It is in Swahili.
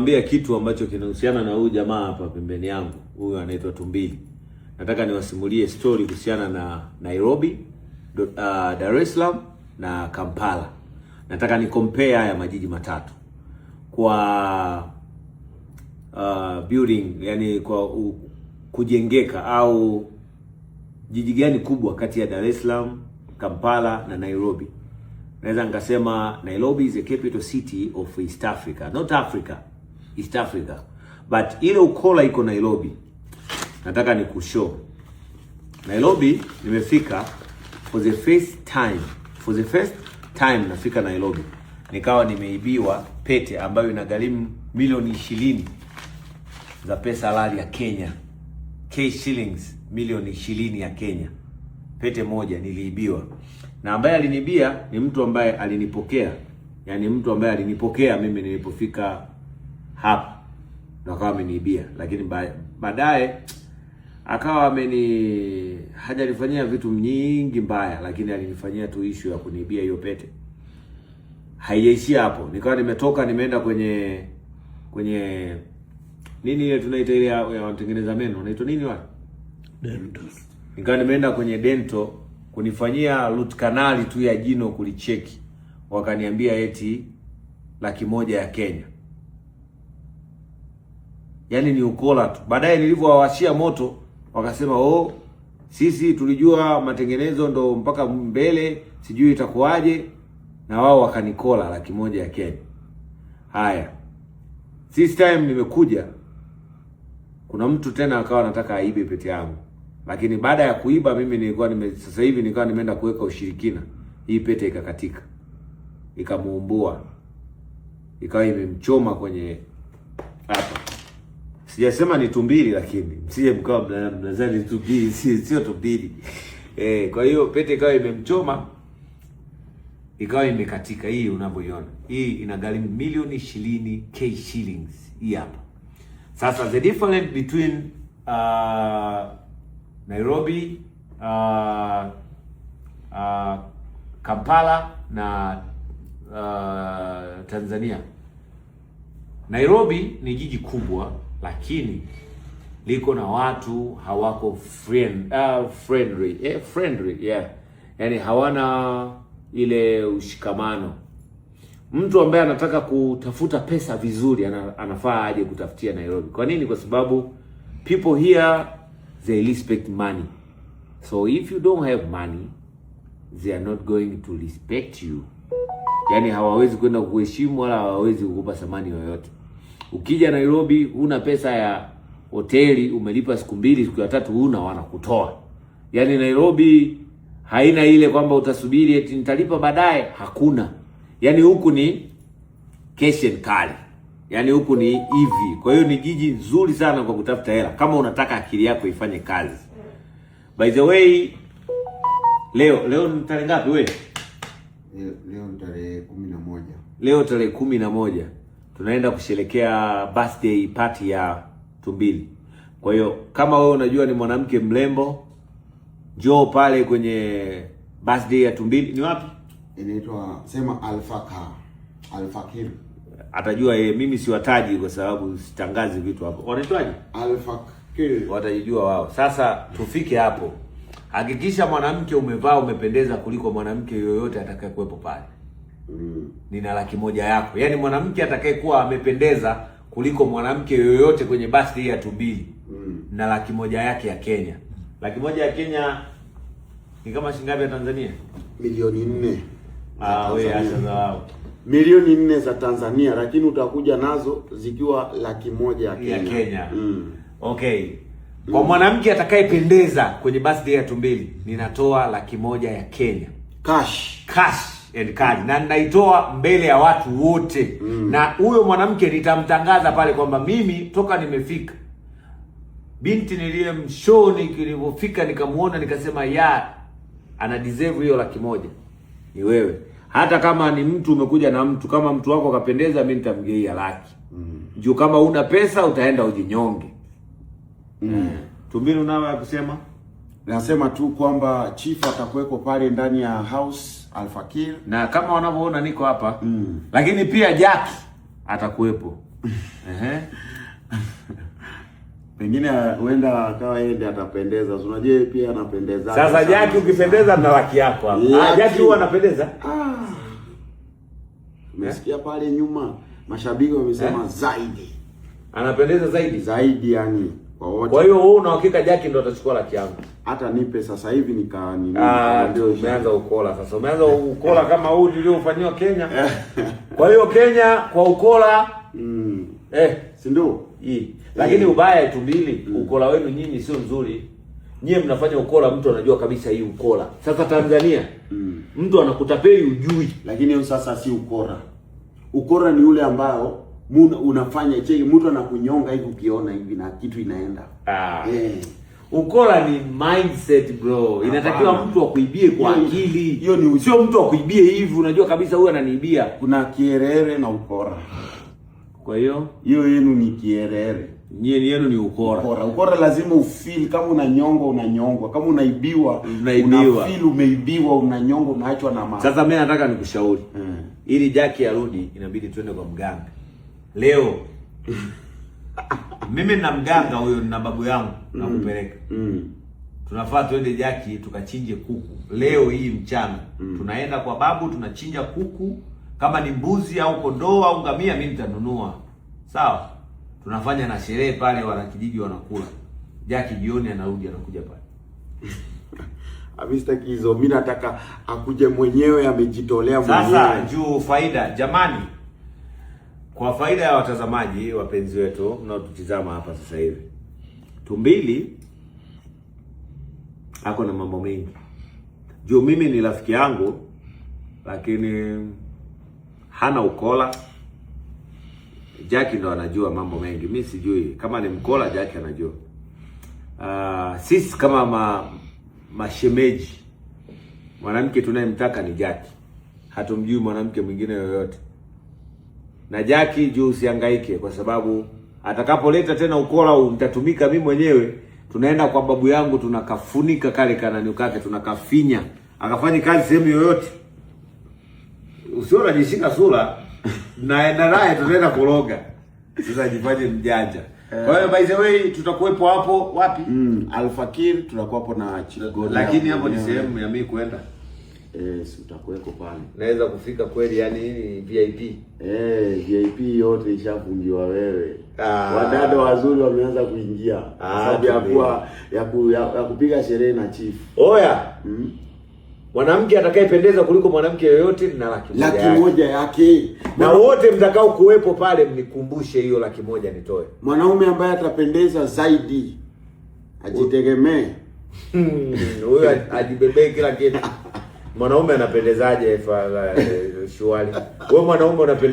niwaambie kitu ambacho kinahusiana na huyu jamaa hapa pembeni yangu. Huyu anaitwa Tumbili. Nataka niwasimulie story kuhusiana na Nairobi, uh, Dar es Salaam na Kampala. Nataka ni compare haya majiji matatu kwa uh, building yani kwa u, kujengeka au jiji gani kubwa kati ya Dar es Salaam, Kampala na Nairobi. Naweza nikasema Nairobi is the capital city of East Africa, not Africa. East Africa, but ile Ukola iko Nairobi. Nataka ni kushow Nairobi. Nimefika for the first time, for the first time nafika Nairobi, nikawa nimeibiwa pete ambayo inagharimu milioni ishirini za pesa halali ya Kenya, K shillings milioni ishirini ya Kenya. Pete moja niliibiwa, na ambaye alinibia ni mtu ambaye alinipokea, Yaani mtu ambaye alinipokea mimi nilipofika hapa na akawa ameniibia, lakini baadaye akawa ameni hajanifanyia vitu nyingi mbaya, lakini alinifanyia tu issue ya kuniibia hiyo pete. Haijaishia hapo, nikawa nimetoka nimeenda kwenye kwenye nini ile tunaita ile ya watengeneza meno, unaitwa nini wale dental. Nikawa nimeenda kwenye dental kunifanyia root canal tu ya jino kulicheki, wakaniambia eti laki moja ya Kenya yani ni ukola tu. Baadaye nilivyowawashia moto wakasema, oh, sisi tulijua matengenezo ndo mpaka mbele, sijui itakuwaje, na wao wakanikola laki moja ya Kenya. Haya, this time nimekuja, kuna mtu tena akawa anataka aibe pete yangu, lakini baada ya kuiba mimi nilikuwa nime, sasa hivi nilikuwa nimeenda kuweka ushirikina, hii pete ikakatika, ikamuumbua, ikawa imemchoma kwenye hapa Sijasema ni tumbili, lakini msije mkawa mnadhani tumbili, sio tumbili. Eh, kwa hiyo pete ikawa imemchoma ikawa imekatika. Hii unavyoiona hii inagharimu milioni ishirini k shillings. Hii hapa sasa, the difference between uh, Nairobi uh, uh, Kampala na uh, Tanzania. Nairobi ni jiji kubwa lakini liko na watu hawako friend, uh, friendly eh, friendly yeah, yani hawana ile ushikamano. Mtu ambaye anataka kutafuta pesa vizuri ana, anafaa aje kutafutia Nairobi. Kwa nini? Kwa sababu people here they respect money, so if you don't have money they are not going to respect you, yani hawawezi kwenda kuheshimu wala hawawezi kukupa thamani yoyote. Ukija Nairobi huna pesa ya hoteli, umelipa siku mbili, siku ya tatu huna, wanakutoa. Yaani Nairobi haina ile kwamba utasubiri eti nitalipa baadaye, hakuna. Yaani huku ni cash and carry, yaani huku ni hivi. E kwa hiyo ni jiji nzuri sana kwa kutafuta hela, kama unataka akili yako ifanye kazi. By the way, leo leo ni tarehe ngapi wewe? Leo tarehe 11. Leo tarehe kumi na moja tunaenda kusherekea birthday party ya Tumbili. Kwa hiyo kama wewe unajua ni mwanamke mrembo, njoo pale kwenye birthday ya Tumbili. Ni wapi? Inaitwa sema Alfaka Alfakir, atajua yeye. Mimi siwataji kwa sababu sitangazi vitu hapo. Wanaitwaje? Alfakir, watajijua wao. Sasa tufike hapo, hakikisha mwanamke umevaa umependeza kuliko mwanamke yoyote atakayekuwepo pale mm. nina laki moja yako. Yaani mwanamke atakayekuwa amependeza kuliko mwanamke yoyote kwenye basi hii ya tumbili mm. na laki moja yake ya Kenya. Laki moja ya Kenya ni kama shilingi ngapi ya Tanzania? Milioni nne. Ah, wewe asazao milioni nne za Tanzania lakini utakuja nazo zikiwa laki moja ya Kenya, ya Kenya. Mm. Okay, Mm. kwa mwanamke atakayependeza kwenye basi hii ya tumbili ninatoa laki moja ya Kenya cash cash and Cardi na ninaitoa mbele ya watu wote mm. na huyo mwanamke nitamtangaza pale kwamba mimi toka nimefika binti niliye mshoni, nilivyofika nikamuona, nikasema ya ana deserve hiyo laki moja ni wewe. Hata kama ni mtu umekuja na mtu kama mtu wako akapendeza, mimi nitamgeia laki mm. juu kama una pesa utaenda ujinyonge mm. Eh. Tumbili, unawe kusema, nasema tu kwamba chifu atakuweko pale ndani ya house Alpha Kill. Na kama wanavyoona niko hapa mm. Lakini pia Jack atakuwepo Pengine huenda akawa yeye ndiye atapendeza. Unajua yeye pia anapendeza. Sasa Jack ukipendeza na laki yako hapa. Ah, Jack huwa anapendeza. Ah. Umesikia pale nyuma mashabiki wamesema yeah? zaidi. Anapendeza zaidi. Zaidi yani kwa wote. Kwa hiyo wewe una hakika Jackie ndo atachukua laki yangu? Hata nipe sasa hivi nika nini. Ah, ndio umeanza ukola sasa. Umeanza ukola kama huu uliofanywa Kenya. Kwa hiyo Kenya kwa ukola mm. eh si ndio? Hii. Lakini eh. ubaya tu mbili mm. ukola wenu nyinyi sio nzuri. Nyie mnafanya ukola, mtu anajua kabisa hii ukola. Sasa Tanzania mm. mtu anakutapeli ujui, lakini hiyo sasa si ukora. Ukora ni ule ambao Muna, unafanya cheki mtu anakunyonga hivi ukiona hivi na kitu inaenda. Ah. Eh. Ukora ni mindset bro. Inatakiwa mtu akuibie kwa akili. Hiyo ni sio mtu akuibie hivi unajua kabisa huyu ananiibia. Kuna kierere na ukora. Kwa hiyo hiyo yenu ni kierere. Nyie yenu ni ukora. Ukora, ukora lazima ufeel kama unanyongwa unanyongwa, kama unaibiwa unaibiwa. Unafeel umeibiwa unanyongwa unaachwa na mama. Sasa mimi nataka nikushauri. Mm. Ili Jackie arudi inabidi twende kwa mganga leo mimi na mganga huyo na babu yangu mm. nakupeleka mm. tunafaa tuende Jaki tukachinje kuku leo hii mchana mm. tunaenda kwa babu tunachinja kuku, kama ni mbuzi au kondoo au ngamia, mimi nitanunua sawa. Tunafanya na sherehe pale, wanakijiji wanakula. Jaki jioni anarudi anakuja pale Amistaki hizo, mimi nataka akuje mwenyewe, amejitolea mwenyewe. Sasa juu faida jamani kwa faida ya watazamaji wapenzi wetu mnaotutizama hapa sasa hivi, tumbili ako na mambo mengi juu. Mimi ni rafiki yangu, lakini hana ukola. Jackie ndo anajua mambo mengi, mi sijui kama ni mkola. Jackie anajua. Uh, sisi kama ma, mashemeji, mwanamke tunayemtaka ni Jackie, hatumjui mwanamke mwingine yoyote na Jaki juu usihangaike, kwa sababu atakapoleta tena ukora nitatumika mimi mwenyewe. Tunaenda kwa babu yangu, tunakafunika kale kanani kake, tunakafinya akafanye kazi sehemu yoyote. Usio najishika sura naenda naye, tunaenda kuroga sasa, mjanja. Kwa hiyo by the way tutakuwepo hapo wapi? Mm. Alfakir tutakuwa hapo na Chigodi. Lakini hapo ni sehemu ya mimi kwenda Yes, eh, utakuweko pale, naweza kufika kweli, yani VIP eh, VIP yote ishafungiwa wewe. Ah, wadada wazuri wameanza kuingia ah, sababu ya kuwa ya, ku, ya, ya kupiga sherehe na chief oya mm? mwanamke atakayependeza kuliko mwanamke yoyote na laki, laki moja yake, na wote mtakao kuwepo pale mnikumbushe hiyo laki moja nitoe. Mwanaume ambaye atapendeza zaidi ajitegemee hmm, huyo ajibebee kila kitu. Mwanaume anapendezaje? Eh, Wewe mwanaume unapendeza